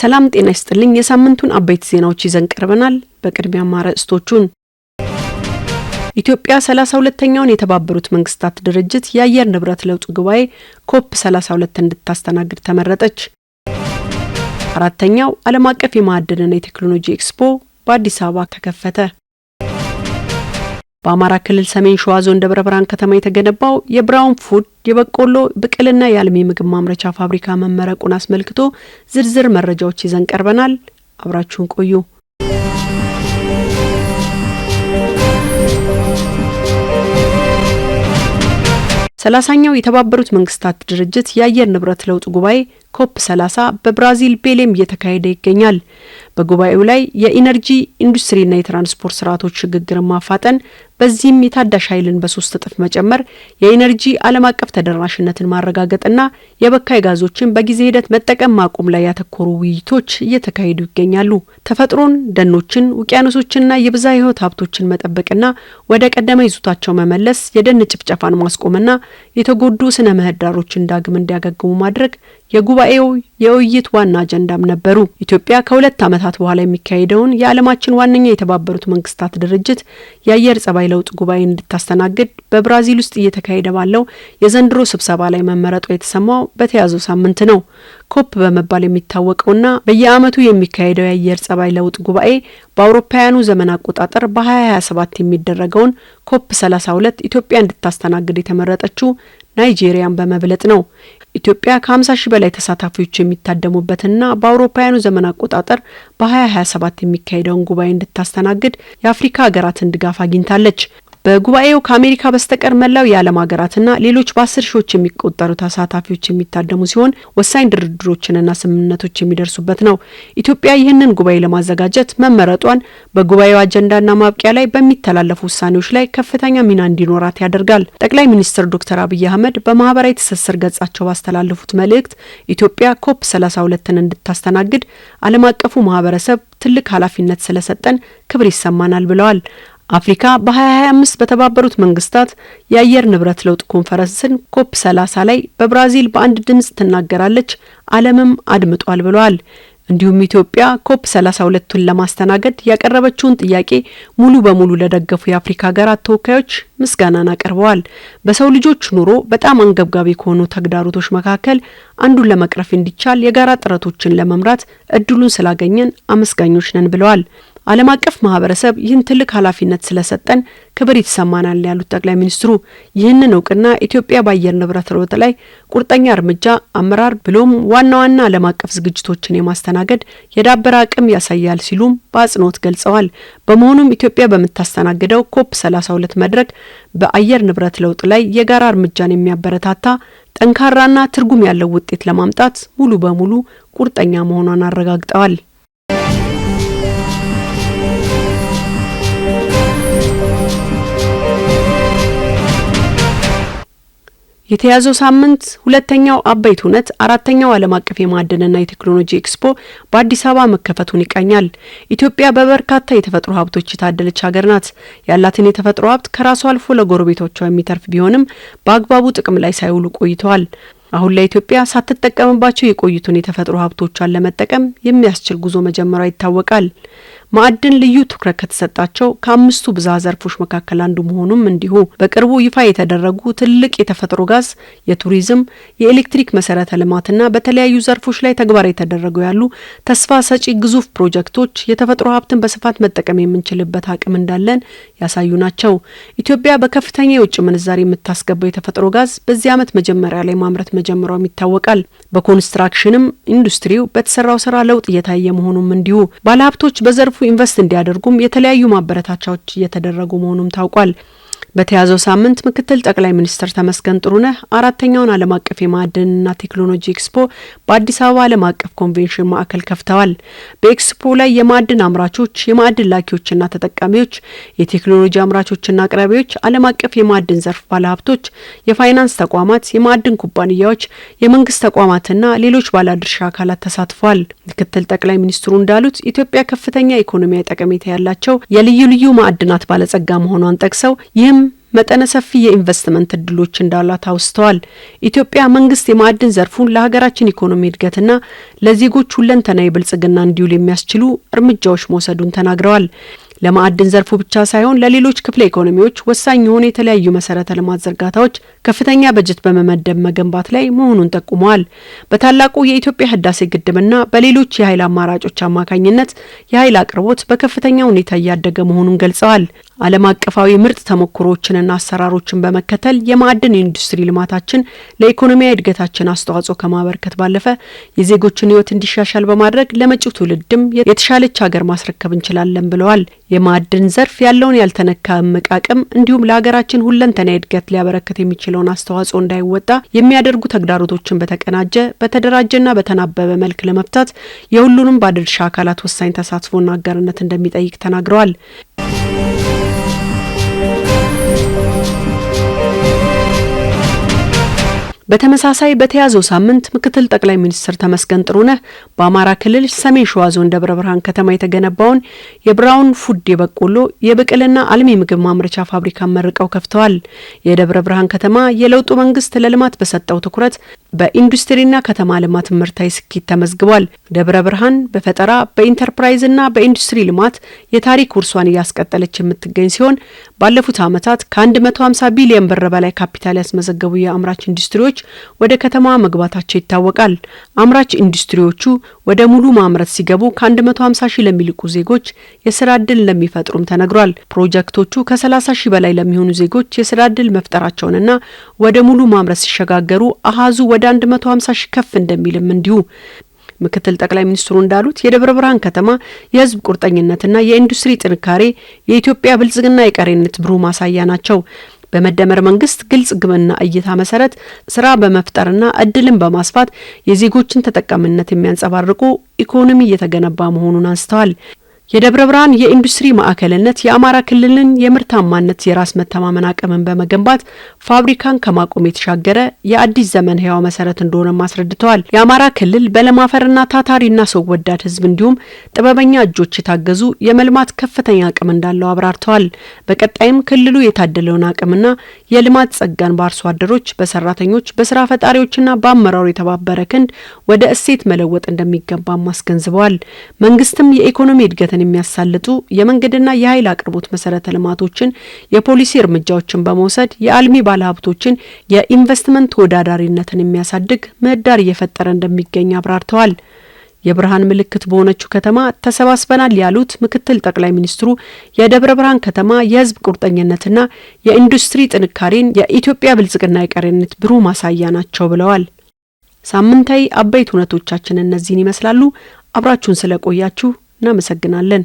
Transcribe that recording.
ሰላም ጤና ይስጥልኝ። የሳምንቱን አበይት ዜናዎች ይዘን ቀርበናል። በቅድሚያ ማርዕስቶቹን ኢትዮጵያ 32ኛውን የተባበሩት መንግስታት ድርጅት የአየር ንብረት ለውጥ ጉባኤ ኮፕ 32 እንድታስተናግድ ተመረጠች። አራተኛው ዓለም አቀፍ የማዕድንና የቴክኖሎጂ ኤክስፖ በአዲስ አበባ ተከፈተ። በአማራ ክልል ሰሜን ሸዋ ዞን ደብረ ብርሃን ከተማ የተገነባው የብራውን ፉድ የበቆሎ ብቅልና የአልሚ ምግብ ማምረቻ ፋብሪካ መመረቁን አስመልክቶ ዝርዝር መረጃዎች ይዘን ቀርበናል። አብራችሁን ቆዩ። ሰላሳኛው የተባበሩት መንግስታት ድርጅት የአየር ንብረት ለውጥ ጉባኤ ኮፕ 30 በብራዚል ቤሌም እየተካሄደ ይገኛል። በጉባኤው ላይ የኢነርጂ ኢንዱስትሪና የትራንስፖርት ስርዓቶች ሽግግርን ማፋጠን በዚህም የታዳሽ ኃይልን በሶስት እጥፍ መጨመር የኢነርጂ ዓለም አቀፍ ተደራሽነትን ማረጋገጥና የበካይ ጋዞችን በጊዜ ሂደት መጠቀም ማቆም ላይ ያተኮሩ ውይይቶች እየተካሄዱ ይገኛሉ። ተፈጥሮን፣ ደኖችን፣ ውቅያኖሶችንና የብዝሃ ሕይወት ሀብቶችን መጠበቅና ወደ ቀደመ ይዞታቸው መመለስ፣ የደን ጭፍጨፋን ማስቆምና የተጎዱ ስነ ምህዳሮችን ዳግም እንዲያገግሙ ማድረግ የጉባኤው የውይይት ዋና አጀንዳም ነበሩ። ኢትዮጵያ ከሁለት ዓመታት በኋላ የሚካሄደውን የዓለማችን ዋነኛ የተባበሩት መንግስታት ድርጅት የአየር ጸባይ ለውጥ ጉባኤ እንድታስተናግድ በብራዚል ውስጥ እየተካሄደ ባለው የዘንድሮ ስብሰባ ላይ መመረጧ የተሰማው በተያዘው ሳምንት ነው። ኮፕ በመባል የሚታወቀውና በየዓመቱ የሚካሄደው የአየር ጸባይ ለውጥ ጉባኤ በአውሮፓውያኑ ዘመን አቆጣጠር በ2027 የሚደረገውን ኮፕ 32 ኢትዮጵያ እንድታስተናግድ የተመረጠችው ናይጄሪያን በመብለጥ ነው። ኢትዮጵያ ከ50 ሺህ በላይ ተሳታፊዎች የሚታደሙበትና በአውሮፓውያኑ ዘመን አቆጣጠር በ2027 የሚካሄደውን ጉባኤ እንድታስተናግድ የአፍሪካ ሀገራትን ድጋፍ አግኝታለች። በጉባኤው ከአሜሪካ በስተቀር መላው የዓለም ሀገራትና ሌሎች በአስር ሺዎች የሚቆጠሩ ተሳታፊዎች የሚታደሙ ሲሆን ወሳኝ ድርድሮችንና ስምምነቶች የሚደርሱበት ነው። ኢትዮጵያ ይህንን ጉባኤ ለማዘጋጀት መመረጧን በጉባኤው አጀንዳና ማብቂያ ላይ በሚተላለፉ ውሳኔዎች ላይ ከፍተኛ ሚና እንዲኖራት ያደርጋል። ጠቅላይ ሚኒስትር ዶክተር አብይ አህመድ በማህበራዊ ትስስር ገጻቸው ባስተላለፉት መልእክት ኢትዮጵያ ኮፕ 32ን እንድታስተናግድ ዓለም አቀፉ ማህበረሰብ ትልቅ ኃላፊነት ስለሰጠን ክብር ይሰማናል ብለዋል። አፍሪካ በ2025 በተባበሩት መንግስታት የአየር ንብረት ለውጥ ኮንፈረንስን ኮፕ 30 ላይ በብራዚል በአንድ ድምፅ ትናገራለች፣ ዓለምም አድምጧል ብለዋል። እንዲሁም ኢትዮጵያ ኮፕ 32ቱን ለማስተናገድ ያቀረበችውን ጥያቄ ሙሉ በሙሉ ለደገፉ የአፍሪካ ሀገራት ተወካዮች ምስጋናን አቅርበዋል። በሰው ልጆች ኑሮ በጣም አንገብጋቢ ከሆኑ ተግዳሮቶች መካከል አንዱን ለመቅረፍ እንዲቻል የጋራ ጥረቶችን ለመምራት እድሉን ስላገኘን አመስጋኞች ነን ብለዋል። ዓለም አቀፍ ማህበረሰብ ይህን ትልቅ ኃላፊነት ስለሰጠን ክብር ይሰማናል ያሉት ጠቅላይ ሚኒስትሩ ይህንን እውቅና ኢትዮጵያ በአየር ንብረት ለውጥ ላይ ቁርጠኛ እርምጃ፣ አመራር ብሎም ዋና ዋና ዓለም አቀፍ ዝግጅቶችን የማስተናገድ የዳበረ አቅም ያሳያል ሲሉም በአጽንኦት ገልጸዋል። በመሆኑም ኢትዮጵያ በምታስተናግደው ኮፕ 32 መድረክ በአየር ንብረት ለውጥ ላይ የጋራ እርምጃን የሚያበረታታ ጠንካራና ትርጉም ያለው ውጤት ለማምጣት ሙሉ በሙሉ ቁርጠኛ መሆኗን አረጋግጠዋል። የተያዘው ሳምንት ሁለተኛው አበይት እውነት አራተኛው ዓለም አቀፍ የማዕድንና የቴክኖሎጂ ኤክስፖ በአዲስ አበባ መከፈቱን ይቃኛል። ኢትዮጵያ በበርካታ የተፈጥሮ ሀብቶች የታደለች ሀገር ናት። ያላትን የተፈጥሮ ሀብት ከራሷ አልፎ ለጎረቤቶቿ የሚተርፍ ቢሆንም በአግባቡ ጥቅም ላይ ሳይውሉ ቆይተዋል። አሁን ላይ ኢትዮጵያ ሳትጠቀምባቸው የቆዩትን የተፈጥሮ ሀብቶቿን ለመጠቀም የሚያስችል ጉዞ መጀመሯ ይታወቃል። ማዕድን ልዩ ትኩረት ከተሰጣቸው ከአምስቱ ብዝሃ ዘርፎች መካከል አንዱ መሆኑም እንዲሁ በቅርቡ ይፋ የተደረጉ ትልቅ የተፈጥሮ ጋዝ፣ የቱሪዝም፣ የኤሌክትሪክ መሰረተ ልማትና በተለያዩ ዘርፎች ላይ ተግባራዊ የተደረጉ ያሉ ተስፋ ሰጪ ግዙፍ ፕሮጀክቶች የተፈጥሮ ሀብትን በስፋት መጠቀም የምንችልበት አቅም እንዳለን ያሳዩ ናቸው። ኢትዮጵያ በከፍተኛ የውጭ ምንዛሪ የምታስገባው የተፈጥሮ ጋዝ በዚህ ዓመት መጀመሪያ ላይ ማምረት መጀመሯም ይታወቃል። በኮንስትራክሽንም ኢንዱስትሪው በተሰራው ስራ ለውጥ እየታየ መሆኑም እንዲሁ ባለሀብቶች በዘርፉ ኢንቨስት እንዲያደርጉም የተለያዩ ማበረታቻዎች እየተደረጉ መሆኑም ታውቋል። በተያዘው ሳምንት ምክትል ጠቅላይ ሚኒስትር ተመስገን ጥሩነህ አራተኛውን ዓለም አቀፍ የማዕድንና ቴክኖሎጂ ኤክስፖ በአዲስ አበባ ዓለም አቀፍ ኮንቬንሽን ማዕከል ከፍተዋል። በኤክስፖ ላይ የማዕድን አምራቾች፣ የማዕድን ላኪዎችና ተጠቃሚዎች፣ የቴክኖሎጂ አምራቾችና አቅራቢዎች፣ ዓለም አቀፍ የማዕድን ዘርፍ ባለሀብቶች፣ የፋይናንስ ተቋማት፣ የማዕድን ኩባንያዎች፣ የመንግስት ተቋማትና ሌሎች ባለድርሻ አካላት ተሳትፏል። ምክትል ጠቅላይ ሚኒስትሩ እንዳሉት ኢትዮጵያ ከፍተኛ ኢኮኖሚያዊ ጠቀሜታ ያላቸው የልዩ ልዩ ማዕድናት ባለጸጋ መሆኗን ጠቅሰው ይህም መጠነ ሰፊ የኢንቨስትመንት እድሎች እንዳላት አውስተዋል። ኢትዮጵያ መንግስት የማዕድን ዘርፉን ለሀገራችን ኢኮኖሚ እድገትና ለዜጎች ሁለንተና የብልጽግና እንዲውል የሚያስችሉ እርምጃዎች መውሰዱን ተናግረዋል። ለማዕድን ዘርፉ ብቻ ሳይሆን ለሌሎች ክፍለ ኢኮኖሚዎች ወሳኝ የሆኑ የተለያዩ መሰረተ ልማት ዝርጋታዎች ከፍተኛ በጀት በመመደብ መገንባት ላይ መሆኑን ጠቁመዋል። በታላቁ የኢትዮጵያ ህዳሴ ግድብና በሌሎች የኃይል አማራጮች አማካኝነት የኃይል አቅርቦት በከፍተኛ ሁኔታ እያደገ መሆኑን ገልጸዋል። ዓለም አቀፋዊ ምርጥ ተሞክሮዎችንና አሰራሮችን በመከተል የማዕድን ኢንዱስትሪ ልማታችን ለኢኮኖሚያዊ እድገታችን አስተዋጽኦ ከማበርከት ባለፈ የዜጎችን ህይወት እንዲሻሻል በማድረግ ለመጪው ትውልድም የተሻለች ሀገር ማስረከብ እንችላለን ብለዋል። የማዕድን ዘርፍ ያለውን ያልተነካ እምቅ አቅም እንዲሁም ለሀገራችን ሁለንተና እድገት ሊያበረከት የሚችለው የሚቻለውን አስተዋጽኦ እንዳይወጣ የሚያደርጉ ተግዳሮቶችን በተቀናጀ በተደራጀና በተናበበ መልክ ለመፍታት የሁሉንም ባለድርሻ አካላት ወሳኝ ተሳትፎና አጋርነት እንደሚጠይቅ ተናግረዋል። በተመሳሳይ በተያዘው ሳምንት ምክትል ጠቅላይ ሚኒስትር ተመስገን ጥሩነህ በአማራ ክልል ሰሜን ሸዋ ዞን ደብረ ብርሃን ከተማ የተገነባውን የብራውን ፉድ የበቆሎ የብቅልና አልሚ ምግብ ማምረቻ ፋብሪካን መርቀው ከፍተዋል። የደብረ ብርሃን ከተማ የለውጡ መንግስት ለልማት በሰጠው ትኩረት በኢንዱስትሪና ከተማ ልማት ምርታዊ ስኬት ተመዝግቧል። ደብረ ብርሃን በፈጠራ በኢንተርፕራይዝና በኢንዱስትሪ ልማት የታሪክ ውርሷን እያስቀጠለች የምትገኝ ሲሆን ባለፉት ዓመታት ከ150 ቢሊዮን ብር በላይ ካፒታል ያስመዘገቡ የአምራች ኢንዱስትሪዎች ወደ ከተማ መግባታቸው ይታወቃል። አምራች ኢንዱስትሪዎቹ ወደ ሙሉ ማምረት ሲገቡ ከ150 ሺህ ለሚልቁ ዜጎች የስራ እድል እንደሚፈጥሩም ተነግሯል። ፕሮጀክቶቹ ከ30 ሺህ በላይ ለሚሆኑ ዜጎች የስራ እድል መፍጠራቸውንና ወደ ሙሉ ማምረት ሲሸጋገሩ አሃዙ ወደ ወደ 150 ሺህ ከፍ እንደሚልም እንዲሁ ምክትል ጠቅላይ ሚኒስትሩ እንዳሉት የደብረ ብርሃን ከተማ የህዝብ ቁርጠኝነትና የኢንዱስትሪ ጥንካሬ የኢትዮጵያ ብልጽግና የቀሬነት ብሩህ ማሳያ ናቸው። በመደመር መንግስት ግልጽ ግብና እይታ መሰረት ስራ በመፍጠርና እድልን በማስፋት የዜጎችን ተጠቃሚነት የሚያንጸባርቁ ኢኮኖሚ እየተገነባ መሆኑን አንስተዋል። የደብረ ብርሃን የኢንዱስትሪ ማዕከልነት የአማራ ክልልን የምርታማነት የራስ መተማመን አቅምን በመገንባት ፋብሪካን ከማቆም የተሻገረ የአዲስ ዘመን ህያው መሰረት እንደሆነም አስረድተዋል። የአማራ ክልል በለማፈርና ታታሪና ሰው ወዳድ ህዝብ እንዲሁም ጥበበኛ እጆች የታገዙ የመልማት ከፍተኛ አቅም እንዳለው አብራርተዋል። በቀጣይም ክልሉ የታደለውን አቅምና የልማት ጸጋን በአርሶ አደሮች፣ በሰራተኞች፣ በስራ ፈጣሪዎችና በአመራሩ የተባበረ ክንድ ወደ እሴት መለወጥ እንደሚገባም አስገንዝበዋል። መንግስትም የኢኮኖሚ እድገት ደህንነትን የሚያሳልጡ የመንገድና የኃይል አቅርቦት መሰረተ ልማቶችን የፖሊሲ እርምጃዎችን በመውሰድ የአልሚ ባለሀብቶችን የኢንቨስትመንት ተወዳዳሪነትን የሚያሳድግ ምህዳር እየፈጠረ እንደሚገኝ አብራርተዋል። የብርሃን ምልክት በሆነችው ከተማ ተሰባስበናል ያሉት ምክትል ጠቅላይ ሚኒስትሩ የደብረ ብርሃን ከተማ የህዝብ ቁርጠኝነትና የኢንዱስትሪ ጥንካሬን የኢትዮጵያ ብልጽግና የቀሬነት ብሩህ ማሳያ ናቸው ብለዋል። ሳምንታዊ አበይት እውነቶቻችን እነዚህን ይመስላሉ። አብራችሁን ስለቆያችሁ እናመሰግናለን።